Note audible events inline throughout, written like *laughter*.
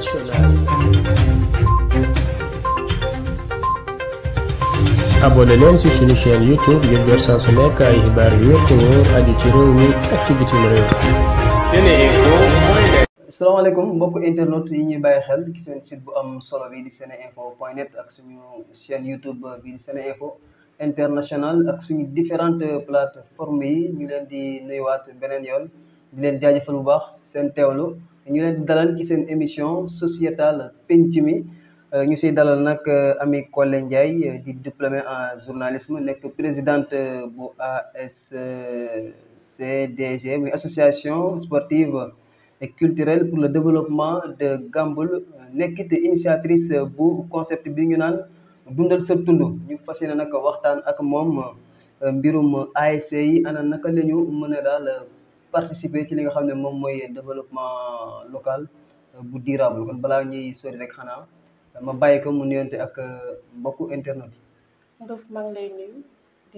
internationale. abonné leen ci suñu chaîne youtube ngir jot saa su nekk ay xibaar yu wér te ci réew mi ak ci bitim réew. asalaamaaleykum mbokk internet yi ñuy bàyyi xel ci seen site bu am solo bi di seneinfo point net ak suñu chaîne youtube bi di seneinfo international ak suñu différentes plateformes yi ñu leen di nuyuwaat beneen yoon ñu leen jaajëfal bu baax seen teewlu. ñu leen di dalal ci seen émission sociétale penc mi euh, ñu siy dalal nag euh, Ami Collé Ndiaye euh, di diplômée en journalisme nekk présidente bu ASCDG muy association sportive et culturelle pour le développement de Gamboul nekkit initiatrice bu concept bi ñu naan dundal sa tund ñu fas yéene nag waxtaan ak moom mbirum ASC yi ana naka lañu ñu mën a daal participer ci li nga xam ne moom mooy développement local euh, bu durable kon balaa ñuy sori rek xanaa ma bàyyi ko mu nuyonte ak euh, mbokku internet yi. Ndof maa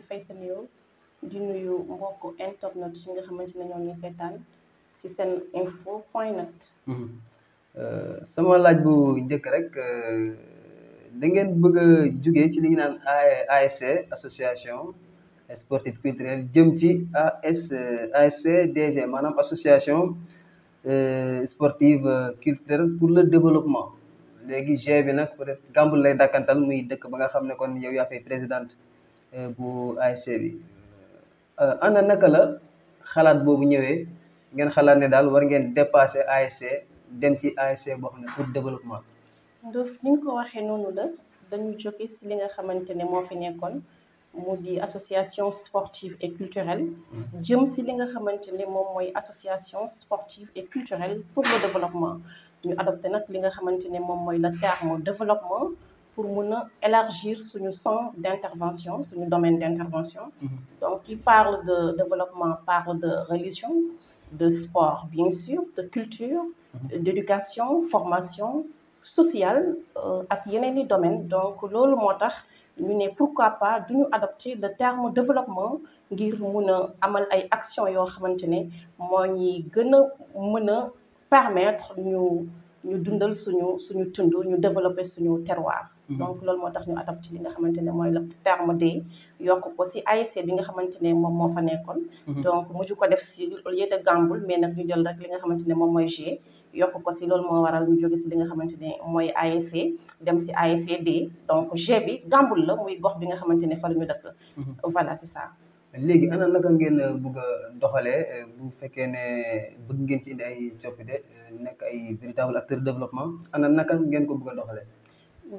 fay sa nuyoo di nuyu mbokku nga xamante ne ñoom ñu seetaan ci seen info point net. Mm-hmm. Euh, sama laaj bu njëkk rek da ngeen bëgg a jugee ci li ñu naan ASC association. sportif culturel jëm ci AS ASCDG maanaam association euh, sportive euh, culturelle pour le développement léegi G bi nag peut être gàmbul lay dàkkantal muy dëkk ba nga xam ne kon yow yaa fay présidente euh, bu ASC bi ana naka la xalaat boobu ñëwee ngeen xalaat ne daal war ngeen dépasser ASC dem ci ASC boo xam ne pour développement. Ndof ni ko waxee noonu la dañu jóge si li nga xamante ne moo fi nekkoon. moo di association sportive et culturelle jëm si li nga xamante ne moom mooy association sportive et culturelle pour le développement ñu adopté nag li nga xamante ne moom mooy le terme développement pour mun a élargir suñu champ d' intervention suñu domaine d' intervention mm-hmm. donc qui parle de développement parle de religion de sport bien sûr de culture mm-hmm. d' formation sociale euh, ak yeneen i domaine donc loolu moo tax ñu ne pourquoi pas duñu adopter le terme développement ngir mun a amal ay action yoo xamante ne moo ñuy gën a mën a permettre ñu ñu dundal suñu suñu tund ñu développer suñu terroir mm-hmm. donc loolu moo tax ñu adopté li nga xamante ne mooy le terme de yokku ko si ASC bi nga xamante ne moom moo fa nekkoon mm-hmm. donc mujj ko def si au lieu de Gamboul mais nag ñu jël rek li nga xamante ne moom mooy G yokk ko si lool moo waral mu jóge si li nga xamante ne mooy ASC dem si ASCD donc G bi Gàmbul la muy gox bi nga xamante ne fa la ñu dëkk. Mhm. voilà c'est ça. léegi ana naka ngeen bugg a doxalee euh, bu fekkee ne bëgg ngeen ci indi ay coppite euh, nekk ay véritable acteur développement ana naka ngeen ko bëgg a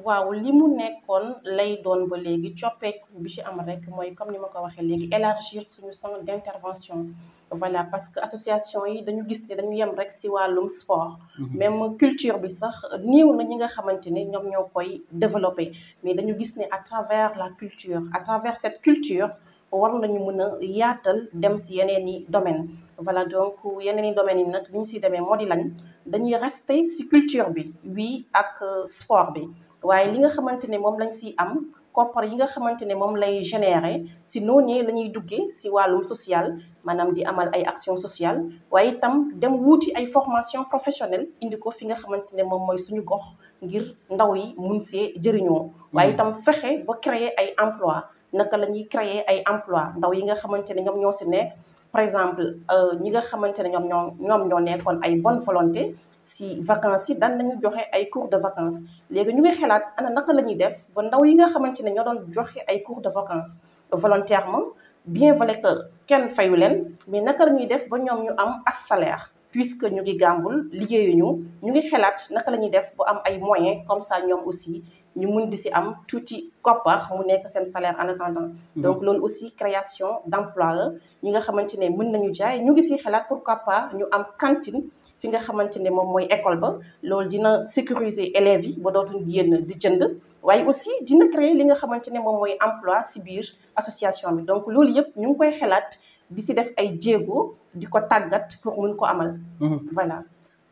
waaw li mu nekkoon lay doon ba léegi coppeeku bi ci am rek mooy comme ni ma ko waxee léegi élargir suñu champ d'intervention voilà parce que association yi dañu gis ne dañu yem rek ci wàllum sport mhm. même culture bi sax néew na ñi nga xamante ne ñoom ñoo koy développer mais dañu gis ne à travers la culture à travers cette culture war nañu mën a yaatal dem ci yeneen i domaine voilà donc yeneen i domaines yi nag li ñu ci demee moo di lañ dañuy rester ci culture bi wii ak euh, sport bi waaye li nga xamante ne moom lañ si am koppar yi nga xamante ne moom lay générer si noonee la ñuy duggee si wàllum social maanaam di amal ay action sociale waaye itam dem wuuti ay formation professionnelle indi ko fi nga xamante ne moom mooy suñu gox ngir ndaw yi mun see jëriñoo waaye hmm. itam fexe ba créer ay emploi naka la ñuy créer ay emploi ndaw yi nga xamante ne ñoom ñoo si nekk par exemple euh, ñi nga xamante ne ñoom ñoo ñoom ñoo nekkoon ay bonne volonté si vacance yi daan nañu joxe ay cours de vacances léegi ñu ngi xalaat ana naka la ñuy def ba ndaw yi nga xamante ne ñoo doon joxe ay cours de vacances volontairement bien vrai que kenn fayu leen mais naka la ñuy def ba ñoom ñu am as salaire puisque ñu ngi gàmbul liggéeyuñu ñu ngi xalaat naka la ñuy def bu am ay moyens comme ça ñoom aussi ñu mun di si am tuuti koppar mu nekk seen salaire en attendant hmm. donc loolu aussi création d'emploi la ñi nga xamante ne mën nañu jaay ñu ngi si xalaat pourquoi pas ñu am cantine fi nga xamante ne moom mooy école ba loolu dina sécuriser élève yi ba dootu génn di jënd waaye aussi dina créer li nga xamante ne moom mooy emploi si biir association bi donc loolu yëpp ñu ngi koy xalaat di si def ay jéego di ko tàggat pour mun ko amal mhm. voilà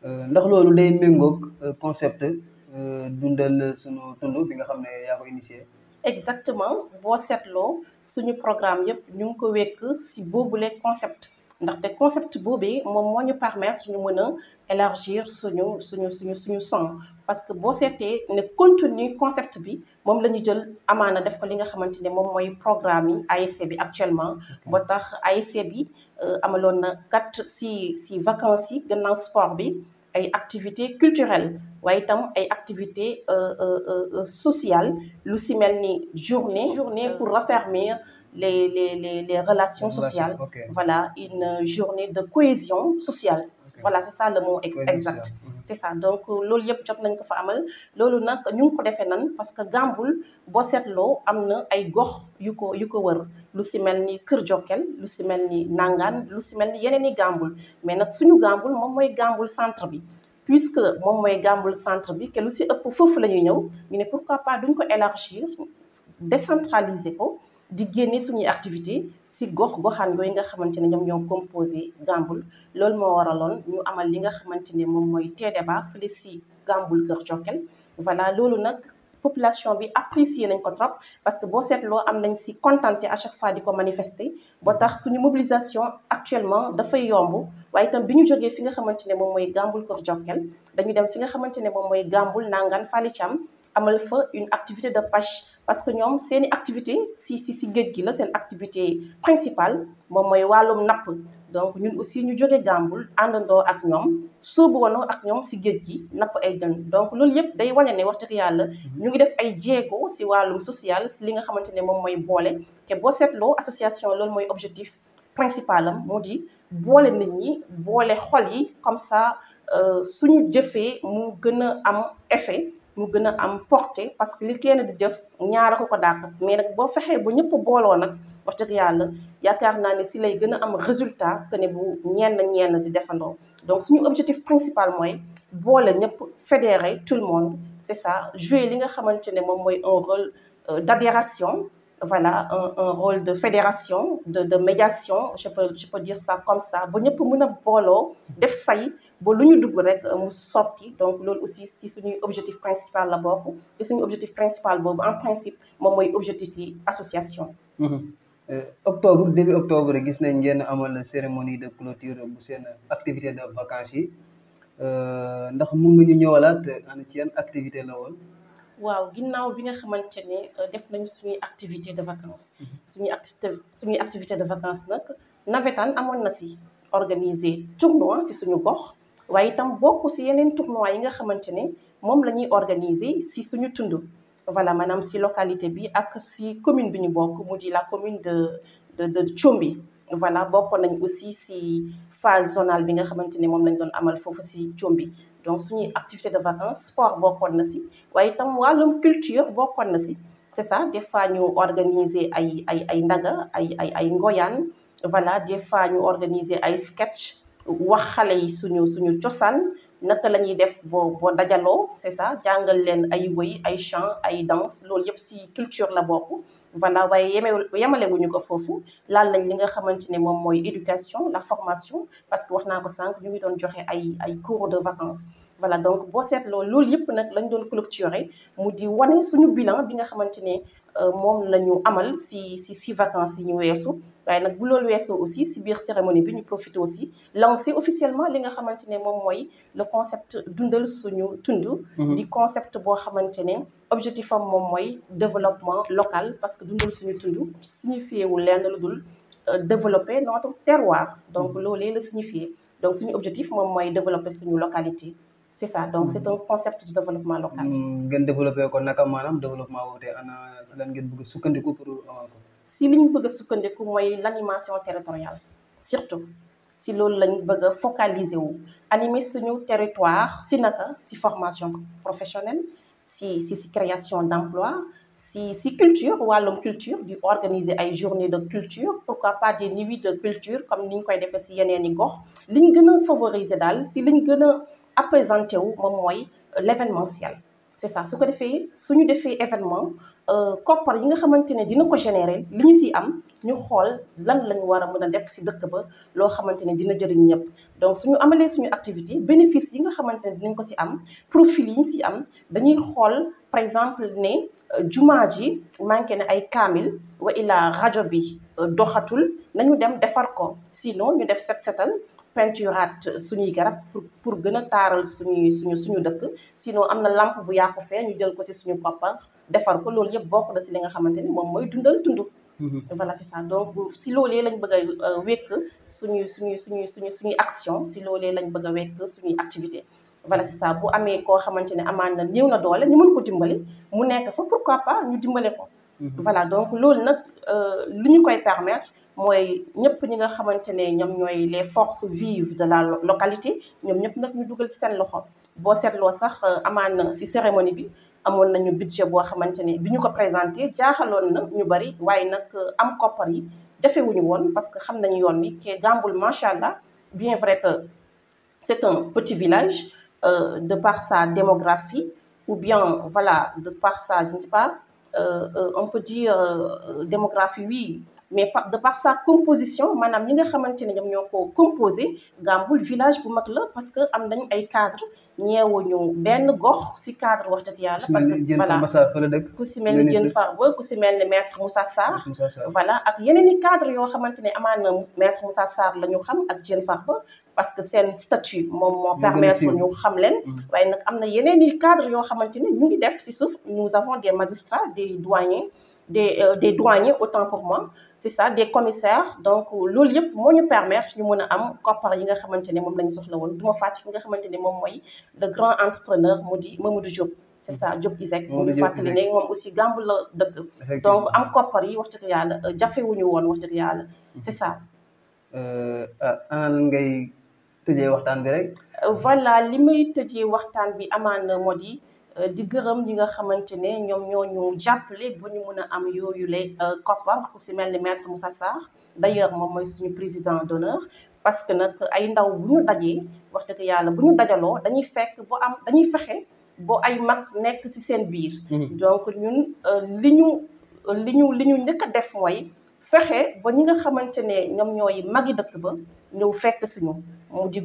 euh, ndax loolu day méngoog euh, concept euh, dundal sunu tund bi nga xam ne yaa ko initié exactement boo seetloo suñu programme yëpp ñu ngi ko wekk si boobule concept ndaxte concept boobee moom moo ñu permettre ñu mën a élargir suñu suñu suñu suñu sang parce que boo seetee ne contenu concept bi moom la ñu jël amaana def ko li nga xamante ne moom mooy programme yi ASC bi actuellement. ba tax ASC bi euh, amaloon na quatre si si vacances yi gannaaw sport bi ay activité culturelles waaye itam ay activités euh, euh, sociale lu si mel ni journée. journée pour raffermir. les, les, les, les relations sociales. Okay. Voilà, une journée de cohésion sociale. Okay. Voilà, c'est ça le mot ex exact. Mhm. C'est ça. Donc, loolu yëpp jot nañ ko fa amal loolu nag ñu ngi ko defee nan parce que Gàmbul bo seetloo am na ay gox yu ko yu ko wër lu si mel ni Kër Jokkel lu si mel ni nangan lu si mel ni yeneen i Gàmbul mais nag suñu Gàmbul moom mooy Gàmbul centre bi. puisque moom mooy Gàmbul centre bi que lu si ëpp foofu la ñuy ñëw ñu ne pourquoi pas duñ ko élargir décentraliser ko. di génne suñuy activité si gox goxaan yooyu nga xamante ne ñoom ñoo composé Gambul loolu moo waraloon ñu amal li nga xamante ne moom mooy tee débat fële si Gambul Kër Jokkel voilà loolu nag population bi apprécier nañ ko trop parce que boo seetloo am nañ si contenté à chaque fois di ko manifester ba tax suñu mobilisation actuellement dafay yomb waaye itam bi ñu jógee fi nga xamante ne moom mooy gàmbul Kër Jokkel dañu dem fi nga xamante ne moom mooy Gambul Nangan Fali Thiam amal fa une activité de pêche parce que ñoom seeni activité si si si géej gi la seen activité principale moom mooy wàllum napp donc ñun aussi ñu jóge Gàmbul àndandoo ak ñoom sóobu woon ak ñoom si géej gi napp ay jën donc loolu yëpp day wane ne wax dëgg yàlla mhm. ñu ngi def ay jéego si wàllum social si li nga xamante ne moom mooy boole te boo seetloo association loolu mooy objectif principal am mu di boole nit ñi boole xol yi comme ça euh, suñu jëfee mu gën a am effet mu gën a am porté parce que li kenn di def ñaara ko ko mais nag boo fexee ba ñëpp booloo nag wax dëgg yàlla yaakaar naa ne si lay gën a am résultat que ne bu ñenn ñenn di defandoo donc suñu objectif principal mooy boole ñëpp fédérer tout le monde c'est ça jouer li nga xamante ne moom mooy un rôle euh, d'adhération voilà un, un rôle de fédération de de médiation je peux je peux dire ça comme ça ba ñëpp mën a booloo def say ba lu ñu dugg rek euh, mu sotti donc loolu aussi si suñuy objectif principal la bokk te suñu objectif principal boobu en principe moom mooy objectif yi association. Mhm. Euh, octobre début octobre gis nañ ngeen amal cérémonie de clôture bu seen activité de vacances yi euh, ndax mu nga ñu ñëwalaat ana ci activité la woon. waaw ginnaaw bi nga xamante ne def nañu suñuy activité de vacances mhm. suñuy activité suñuy activité de vacances nag navétane amoon na si organiser tournoi si suñu gox waaye itam bokk si yeneen tournoi yi nga xamante ne moom la ñuy organiser si suñu tund voilà maanaam si localité bi ak si commune bi ñu bokk mu di la commune de de de Thiomby voilà bokkoon nañ aussi si phase zonale bi nga xamante ne moom lañ doon amal foofu si Thiomby donc suñuy activité de vacances sport bokkoon na si waaye itam wàllum culture bokkoon na si c'est ça des fois ñu organiser ay ay ay ndaga ay ay ay ngoyaan voilà des fois ñu organiser ay sketch wax xale yi suñu suñu cosaan naka la ñuy def boo dajaloo c'est ça jàngal leen ay woy ay chant ay danse loolu yëpp ci culture la bokk voilà waaye yeme yemalewuñu ko foofu laal lañ li nga xamante ne moom mooy éducation la formation parce que wax naa ko sànq ñu ngi doon joxe ay ay cours de vacances voilà donc boo seetloo loolu yëpp nag lañ doon clôturer mu di wane suñu bilan bi nga xamante ne euh, moom la ñu amal ci ci ci yi ñu weesu waaye nag bu loolu weesoo aussi si biir cérémonie bi ñu profité aussi lancé officiellement li nga xamante ne moom mooy le concept dundal suñu tund mhm. di concept boo xamante ne objectif am moom mooy développement local parce que dundal suñu tund signifié wu lenn lu dul euh, développer notre terroir donc mhm. loolee la signifié donc suñu objectif moom mooy développer suñu localité c'est ça donc mhm. c'est un concept de développement local mm, ngeen développé ko naka maanaam développement woote ana ci lan ngeen bëgg sukkandiku pou amal euh, si li ñu bëgg a sukkandiku mooy l'animation territoriale surtout si loolu lañ bëgg a focaliser wu animer suñu territoire si naka si formation professionnelle si si si création d'emploi si si culture wàllum culture di organiser ay journée de culture pourquoi pas des nuits de culture comme ni ñu koy defee si yeneen i gox liñ gën a favoriser daal si liñ gën a apaisanté wu moom mooy l'événementiel c' est ça su ko defee suñu defee événement euh, koppar yi nga xamante ne dina ko générer li ñu si am ñu xool lan lañu war a mën a def si dëkk ba loo xamante ne dina jëriñ ñëpp donc suñu amalee suñu activité bénéfice yi nga xamante ne dinañ ko si am profil yi ñu si am dañuy xool par exemple ne euh, jumaa ji manqué na ay kaamil wa ila rajo bi euh, doxatul nañu dem defar ko sinon ñu def set setal peinturaat suñuy garab pour gën a taaral suñuy suñu suñu dëkk sinon am na làmp bu yàqu fee ñu jël ko si suñu koppar defar ko loolu yëpp bokk na si li nga xamante ni moom mooy dundal dund mm-hmm. voilà c'est ça donc si loolee lañ bëgg wékk suñu suñu suñuy suñu suñuy action si loolee lañ bëgg a wekk suñuy activité voilà c'est ça bu amee koo xamante ne amaan na néew na doole ñu mën ko dimbali mu nekk fa pourquoi pas ñu dimbale ko Mhm. voilà donc loolu nag euh, lu ñu koy permettre mooy ñëpp ñi nga xamante ne ñoom ñooy les force vives de la localité ñoom ñëpp nag ñu dugal ci seen loxo boo seetloo sax euh, amaan na ci cérémonie bi amoon nañu budget boo xamante ne bi ñu ko présenté jaaxaloon na ñu bari waaye nag euh, am koppar yi jafewuñu woon parce que xam nañu yoon wi ke Gamboul macha allah bien vrai que c'est un petit village de par sa démographie ou bien voilà de par sa je ne Euh, euh, on peut dire euh, démographie oui mais par de par sa composition maanaam ñi nga xamante ne ñoom ñoo ko composé Gamboul village bu mag la parce que am nañ ay cadre ñeewuñu benn gox si cadre wax dëgg yàlla. parce que voilà ku si mel ni Diène Farba ku si mel ni maître voilà ak yeneen i cadre yoo xamante ne amaan na maître Moussa Sarr la ñu xam ak Diène Farba parce que seen statut moom moo permettre ñu xam leen. Mm-hmm. waaye nag am na yeneen i cadre yoo xamante ni ñu ngi def si suuf nous avons des magistrats des doyens. de euh, des douaniers autant pour moi c'est ça des commissaires donc loolu yëpp moo ñu permettre ñu mën a am koppar yi nga xamante ne moom la ñu soxla woon du ma fàttali nga xamante ne moom mooy le grand entrepreneur mu di Mamadou Diop. c'est ça Diop Isaac mu ngi fàttali ne moom aussi gàmb la dëkk donc am koppar yi wax dëgg yàlla euh, jafewuñu woon wax dëgg yàlla c'est ça euh, ah, anaan ngay tëjee waxtaan bi rek voilà li may tëjee waxtaan bi amaan moo di Euh, di gërëm ñi nga xamante ne ñoom ñoo ñu jàppale ba ñu mën a am yooyu lay euh, koppar ku si mel ni maître Moussa Sarr d'ailleurs moom mooy suñu président d'honneur parce que nag ay ndaw bu ñu dajee wax dëgg yàlla bu ñu dajaloo dañuy fekk bu am dañuy fexe boo ay mag nekk ci seen biir mm-hmm. donc ñun euh, li ñu li ñu li ñu njëkk a def mooy fexe ba ñi nga xamante ne ñoom ñooy magi dëkk ba ñëw fekk si ñu mu di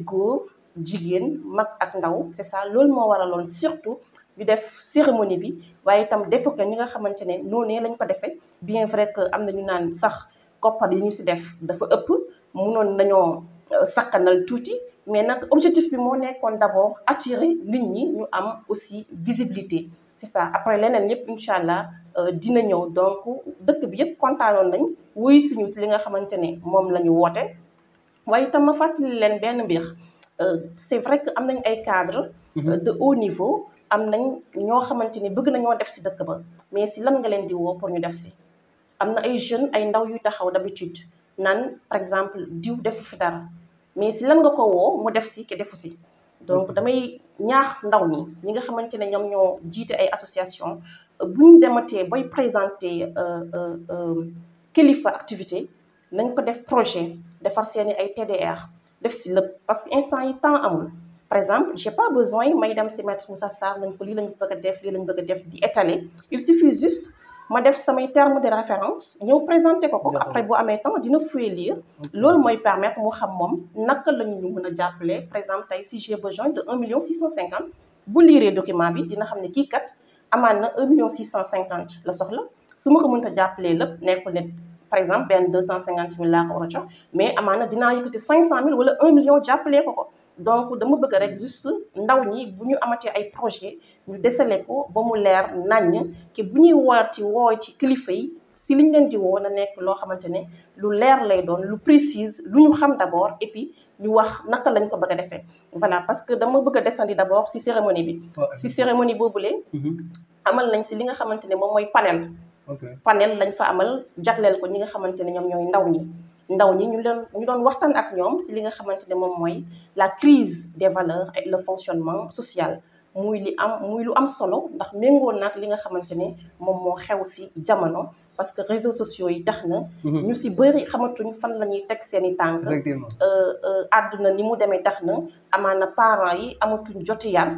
jigéen mag ak ndaw c'est ça loolu moo waraloon surtout ñu def cérémonie bi waaye itam defu ko ñi nga xamante ne noonee lañ ko defee bien vrai que am na ñu naan sax koppar yi ñu si def dafa ëpp mu munoon nañoo euh, sakkanal tuuti mais nag objectif bi moo nekkoon d'abord attirer nit ñi ñu am aussi visibilité c'est ça après leneen yëpp incha allah euh, dina ñëw donc dëkk bi yëpp kontaanoon nañ wuy suñu si li nga xamante ne moom la ñu woote waaye itam ma fàttali leen benn mbir Euh, c'est vrai que am nañ ay cadres mhm. euh, de haut niveau am nañ ñoo xamante ni bëgg nañoo def si dëkk ba mais si lan nga leen di woo pour ñu def si am na ay jeunes ay ndaw yuy taxaw d'habitude naan par exemple diw defu fi dara mais si lan nga ko woo mu def si ke defu si donc mhm. damay ñaax ndaw ñi ñi nga xamante ne ñoom ñoo jiite ay association euh, bu ñu dematee bay présenter kilifa activité nañ ko def projet defar seeni ay TDR def si lépp parce que instant yi temps amul par exemple j'ai pas besoin may dem si maître Moussa Sarr nañ ko lii lañ bëgg a def lii lañ bëgg def di étaler il suffit juste ma def samay terme de référence ñëw présenté ko ko après boo amee temps dina fouiller lire loolu mooy permettre mu xam moom naka lañu ñu mën a jàppale par exemple tey si j'ai besoin de un million six cent cinquante bu liiree document bi dina xam ne kii kat amaan na un million six cent cinquante la soxla su ma ko mënta jàppalee lépp nekkul ne par exemple benn deux cent cinquante mille laa ko war a mais amaana dinaa yëkkati cinq cent mille wala un million jàppalee ko donc dama bëgg rek juste ndaw ñi bu ñu amatee ay projet ñu desale ko ba mu leer naññ ke bu ñuy waati woo ci kilifa yi si liñ leen di woon a nekk loo xamante ne lu leer lay doon lu précise lu ñu xam d'abord et puis ñu wax naka lañ ko bëgg a defee voilà parce que dama bëgg a desandi d'abord si cérémonie bi si cérémonie boobule mm-hmm. amal nañ si li nga xamante ne moom mooy panel panel lañ fa amal jagleel ko ñi nga xamante ne ñoom ñooy ndaw ñi ndaw ñi ñu leen ñu doon waxtaan ak ñoom si li nga xamante ne moom mooy la crise des valeurs et le fonctionnement sociale muy li am muy lu am solo ndax méngoo naag li nga xamante ne moom moo xew si jamono parce que réseaux sociaux yi tax na mhm. ñu si bëri xamatuñ fan la ñuy teg seen i tànk euh, euh, àdduna ni mu demee tax na na parents yi amatuñ jotu yaan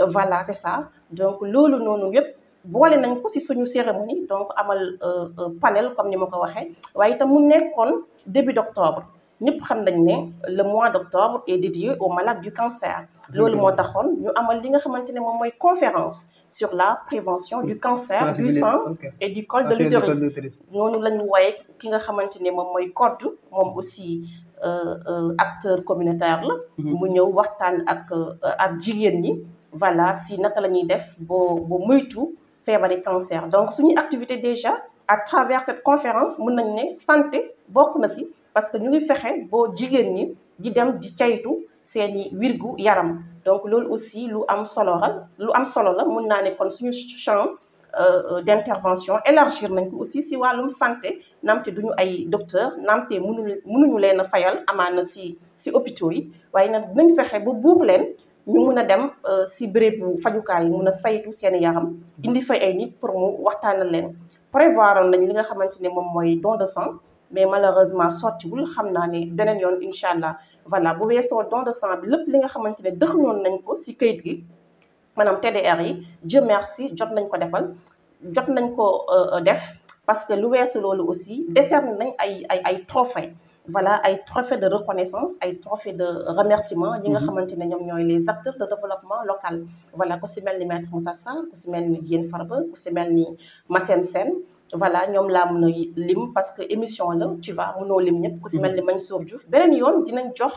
euh, voilà c'est ça donc loolu noonu yëpp boole nañ ko si suñu cérémonie donc amal euh, euh, panel comme ni ma ko waxee waaye itam mu nekkoon début d' octobre ñëpp xam nañ ne le mois d' octobre est dédié aux malades du cancer. loolu moo taxoon ñu amal li nga xamante ne moom mooy conférence sur la prévention du cancer du sang et du col de l'utérus noonu la ñu wooyee ki nga xamante ne moom mooy CODD moom aussi euh, acteur communautaire la. Mm-hmm. mu ñëw waxtaan ak ak jigéen ñi voilà si naka la ñuy def bo boo moytu. feebari cancer donc suñu activité déjà à travers cette conférence mun nañ ne santé bokk na si parce que ñu ngi fexe boo jigéen ñi di dem di caytu seeni wirgu yaram donc loolu aussi lu am solo la lu am solo la mun naa ne kon suñu champ euh, d' intervention élargir nañ ko aussi si wàllum santé du ñu ay docteur naamte munu mënuñu leen a fayal amaana si si hôpitaux yi waaye nag dinañ ba buur leen ñu mm. mun a dem euh, si bérébu fajukaay yi mun a saytu seen yaram mm. indi fay ay nit pour mu waxtaanal leen prévoir nañ li nga xamante ne moom mooy don de sang mais malheureusement sottiwul xam naa ne beneen yoon incha allah voilà bu weesoo don de sang bi lépp li nga xamante ne dëxuñoon nañ ko si kayit gi maanaam TDR yi Dieu merci jot nañ ko defal jot nañ ko euh, euh, def parce que lu weesu loolu aussi décerné nañ ay ay ay trophée voilà ay trophées de reconnaissance ay trophées de remerciement ñi nga mhm. xamante ne ñoom ñooy les acteurs de développement local voilà ku si mel ni maître Moussa Sarr ku si mel ni Diène Farba ku si mel ni Massène Sène voilà ñoom laa mën a lim parce que émission la tu vois mënoo lim ñëpp ku si mhm. mel ni Mansour Diouf beneen yoon dinañ jox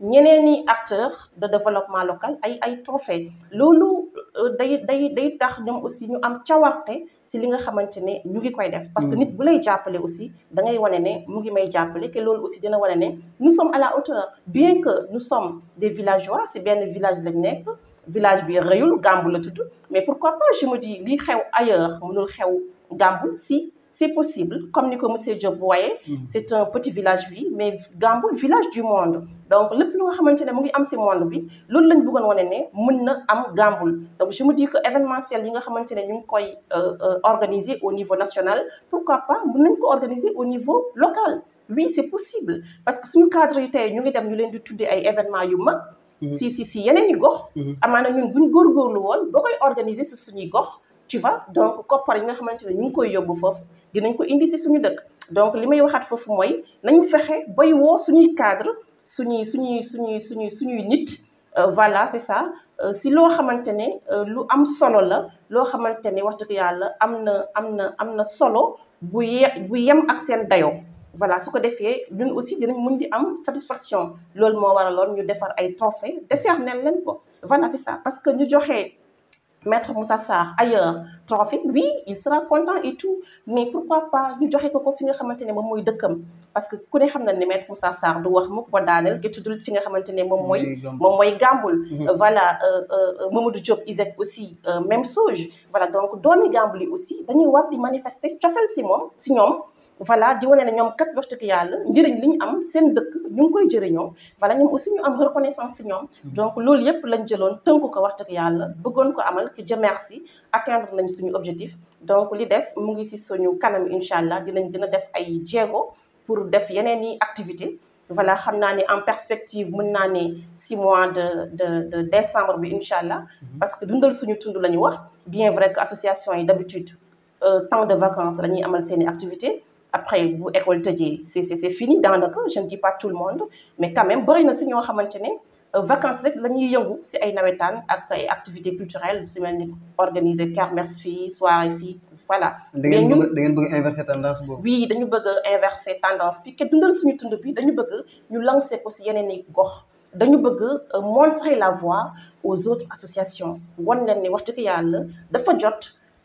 ñeneen i acteurs de développement local ay ay trophée loolu euh, day day day tax ñoom aussi ñu am cawarte si li nga xamante ne ñu ngi koy def parce que mm. nit bu lay jàppale aussi da ngay wane ne mu ngi may jàppale que loolu aussi dina wane ne nous sommes à la hauteur bien que nous sommes des villageois si benn village lañu nekk village bi reyul gàmbu la tudd mais pourquoi pas je me dis lii xew ailleurs mënul xew gàmbu si c'est possible comme ni ko monsieur Diop wooyee. Mm. c'est un petit village bi mais Gamboul village du monde. donc lépp lu nga xamante ne mu ngi am ci monde bi loolu lañ bëggoon wane ne mën na am Gamboul donc je me dis que événementiel yi nga xamante ne ñu ngi koy euh, euh, organiser au niveau national pourquoi pas mën nañ ko organiser au niveau local. oui c'est possible parce que suñu cadre yi tey ñu ngi dem ñu leen di tuddee ay événement yu mag. Mm-hmm. si si si yeneen i gox. Mm-hmm. amaana ñun buñ góorgóorlu woon boo organiser ci suñuy gox. tu vois donc koppar yi nga xamante ne ñu ngi koy yóbbu foofu dinañ ko indi si suñu dëkk donc li may waxaat foofu mooy nañu fexe bay woo suñuy cadre suñuy suñuy suñuy suñuy suñuy nit euh, voilà c'est ça euh, si loo xamante ne euh, lu am solo la loo xamante ne wax dëgg yàlla am na am na am na solo bu ye bu yem ak seen dayoo vala su ko defee ñun aussi dinañ mën di am satisfaction loolu moo waraloon ñu defar ay trophée c'est ça parce que ñu joxe. mettre Moussa Sarr ailleurs trophée oui il sera content et tout mais pourquoi pas ñu joxe ko ko fi nga xamante ne moom mooy dëkkam parce que ku ne xam na ne maître Moussa Sarr du wax mu ko daaneel ki tuddul fi nga xamante ne moom mooy moom mooy Gamboul mm-hmm. euh, voilà euh, euh, Mamadou Diop Isaac aussi même chose voilà donc doomi Gamboul yi aussi dañuy war di manifester cofeel si moom si ñoom voilà di wane ñoom kat wax dëgg yàlla njëriñ li ñu am seen dëkk ñu ngi koy jëriñoo voilà ñoom aussi ñu am reconnaissance si ñoom mm-hmm. donc loolu yëpp lañ jëloon tënk ko wax dëgg yàlla bëggoon ko amal que Dieu si atteindre nañ suñu objectif donc li des mu ngi si suñu kanam incha allah dinañ gën a def ay jéego pour def yeneen i activité voilà xam naa ni en perspective mën naa ne six mois de de de décembre bi incha allah mm-hmm. parce que dundal suñu tund la ñu wax bien vrai que association yi d'habitude euh, temps de vacances la amal seen i activité après bu école tëjee c'est c'est fini daanaka je ne dis pas tout le monde mais quand même bëri na si ñoo xamante ne euh, vacances rek la ñuy yëngu si ay nawetaan ak ay activités culturelles su mel ni organiser kermesse fii soirée fii voilà. da ngeen bëgg da ngeen bëgg inverser tendance boobu. dañu bëgg inverser tendance bi ke dundal suñu tund bi dañu bëgg ñu lancer ko si yeneen i gox. dañu bëgg euh, montrer la voie aux autres associations wan leen ni wax dëgg yàlla dafa jot.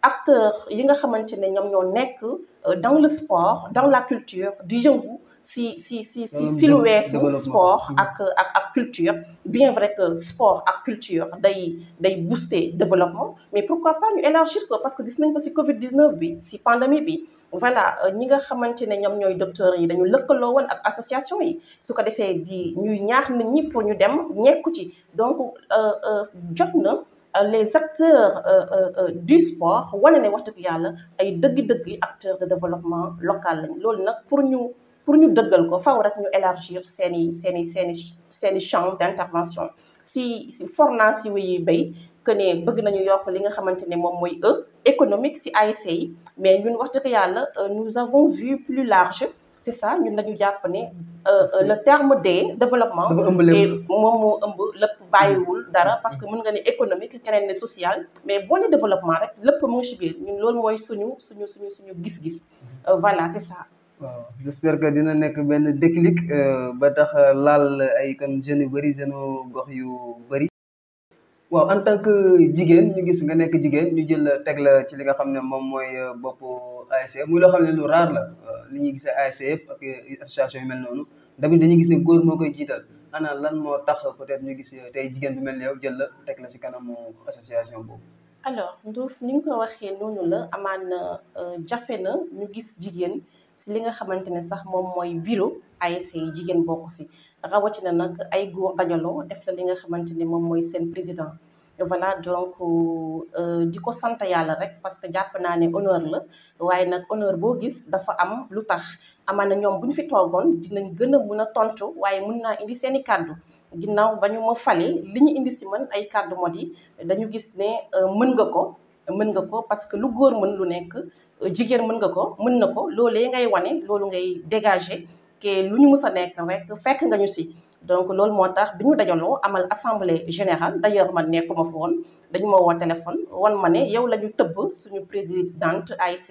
acteurs yi nga xamante ne ñoom ñoo nekk euh, dans le sport dans la culture di yëngu si si si si si lu weesu sport mm-hmm. ak ak ak culture bien vrai que sport ak culture day day booster développement mais pourquoi pas ñu élargir ko parce que gis nañ si Covid bi si pandémie bi voilà euh, ñi nga xamante ne ñoom ñooy docteurs yi dañu lëkkaloo woon ak association yi su ko defee di ñuy ñaax nit ñi pour ñu dem ñekku ci donc euh, jot na. Euh, les acteurs euh, euh, du sport wane ne wax dëgg yàlla ay dëgg-dëgg acteurs de développement local lañ loolu nag pour ñu pour ñu dëggal ko faw rek ñu élargir seeni seeni seeni seeni champ d'intervention si si fornaa si wéyi bay que ne bëgg nañu yokk li nga xamante ne moom mooy e économique si ASC yi mais ñun wax dëgg yàlla nous avons vu plus large c'est ça ñun dañu jàpp ne mm-hmm. euh, euh, le terme de développement et moom moo ëmb lépp bàyyiwul dara parce que mën nga ne économique keneen ne social mais boo développement rek lépp mu ngi ñun loolu mooy suñu suñu suñu suñu gis-gis mm-hmm. euh, voilà c'est ça waaw que dina nekk benn déclic ba tax laal ay kon jeunes yu bëri jeunes gox yu bëri waaw en tant que jigéen ñu gis nga nekk jigéen ñu jël teg la ci li nga xam ne moom mooy euh, bopp ASC muy loo lu raar la euh, li ñuy gisee ASC yëpp ak euh, noonu d'habitude dañuy gis ne góor moo koy jiital ana lan moo tax peut ñu gis tey jigéen bu mel ne yow jël la teg la ci kanamu association boobu. alors Ndour ni nga ko waxee noonu la amaan na jafe na ñu gis jigéen si li nga xamante ne sax moom mooy bureau ASC yi jigéen bokk si rawatina nag ay góor dajaloo def la li nga xamante ne moom mooy seen président. Euh, voilà donc euh, euh, di ko sant yàlla rek parce que jàpp naa ne honneur la waaye nag honneur boo gis dafa am lu tax amaana ñoom bu ñu fi toogoon dinañ gën a mun a tontu waaye mun naa indi seen i kàddu ginnaaw ba ñu ma fale li ñu indi si man ay kàddu mot dañu gis ne mën nga ko mën nga ko parce que lu góor mën lu nekk jigéen mën nga ko mën na ko loolee ngay wane loolu ngay dégager te lu ñu mës a nekk rek fekk nga ñu si donc loolu moo tax bi ñu dajaloo amal assemblée générale d' ailleurs man nekkuma fa woon dañu ma woo téléphone wan ma ne yow la ñu tëbb suñu présidente ASC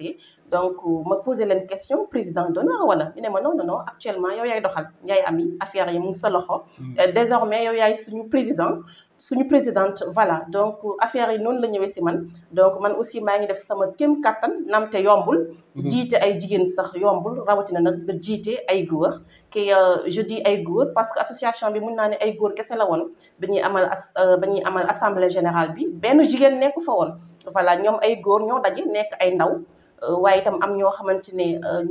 donc ma posé leen question président d'honneur wala ñu ne ma non non actuellement yow yaay doxal yaay ami affaire yi mu sa loxo mm. euh, désormais yow yaay suñu président suñu présidente voilà donc affaire yi noonu la ñëwee si man donc man aussi maa ngi def sama kéem kattan namte yombul. Mhm. jiite ay jigéen sax yombul rawatina nag nga jiite ay góor. ki euh, je dis ay góor parce que association bi mun naa ne ay góor kese la woon ba ñuy amal as euh, amal assemblée générale bi benn jigéen nekku fa woon. voilà ñoom ay góor ñoo daje nekk ay ndaw euh, waaye itam am ñoo xamante ne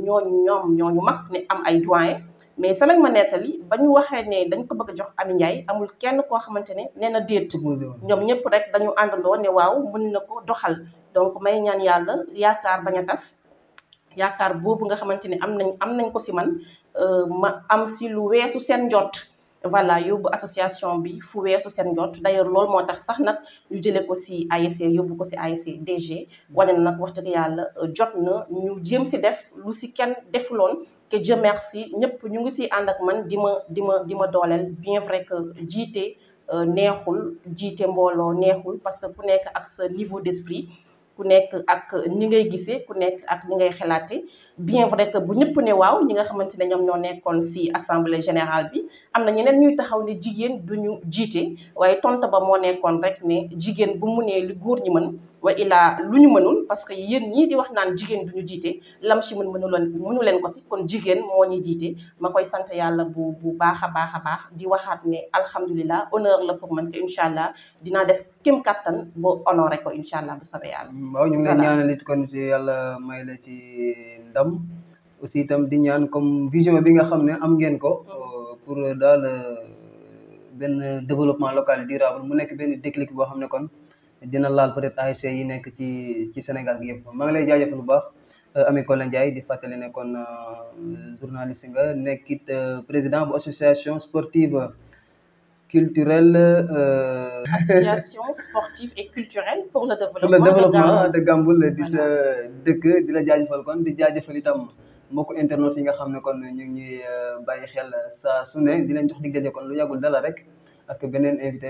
ñooñu ñoom ñooñu mag ne am ay doyen. mais Saleng ma nettali ba ñu waxee ne dañ ko bëgg a jox Amy Ndiaye amul kenn koo xamante ne nee na déet ñoom ñëpp rek dañu àndandoo ne waaw mën na ko doxal donc may ñaan yàlla yaakaar bañ a yaakaar boobu nga xamante ne am nañ am nañ ko si man euh, ma am si lu weesu seen njott voilà yóbbu association bi fu weesu seen njott d'ailleurs lool moo tax sax nag ñu jëlee ko si ASC yóbbu ko si ASC DG wane na nag wax dëgg yàlla jot na ñu jéem si def lu si kenn defuloon que Dieu merci ñëpp ñu ngi si ànd ak man di ma di ma di ma dooleel bien vrai que jiite euh, neexul jiite mbooloo neexul parce que ku nekk ak sa niveau d'esprit ku nekk ak ni ngay gisee ku nekk ak ni ngay xalaate bien vrai que bu ñëpp ne waaw ñi nga xamante ne ñoom ñoo nekkoon si assemblée générale bi am na ñeneen ñuy taxaw ne jigéen ñu jiite waaye tontu ba moo nekkoon rek ne jigéen bu mu nee li góor ñi mën wa ilaa lu ñu mënul parce que yéen ñii di wax naan jigéen ñu jiite lam si mën mënu leen mënu leen ko si kon jigéen moo ñuy jiite ma koy sant yàlla bu bu baax a baax a baax di waxaat ne alhamdulilah honneur la pour man que incha allah dina def kem kattan ba honoré ko incha allah bu soobee yàlla. waaw ñu ngi lay ñaanal it kon ci may la ci ndam. aussi itam di ñaan comme vision bi nga xam ne am ngeen ko. Mm. Euh, pour daal euh, benn développement local durable mu nekk benn déclic boo xam ne kon. dina laal peut-être yi nekk ci ci Sénégal gi maa ngi lay jaajëfal bu baax euh, Ami Collin Ndiaye di fàttali nekkoon euh, journaliste nga nekkit euh, président bu association sportive culturelle. association sportive et culturelle pour le développement *laughs* pour le développement de Gamboul di sa dëkk di la jaajëfal kon di jaajëfal itam mbokku internet yi nga xam ne kon ñu ngi ñuy bàyyi xel saa su ne di leen jox dig daje kon lu yàggul dala rek ak beneen invité.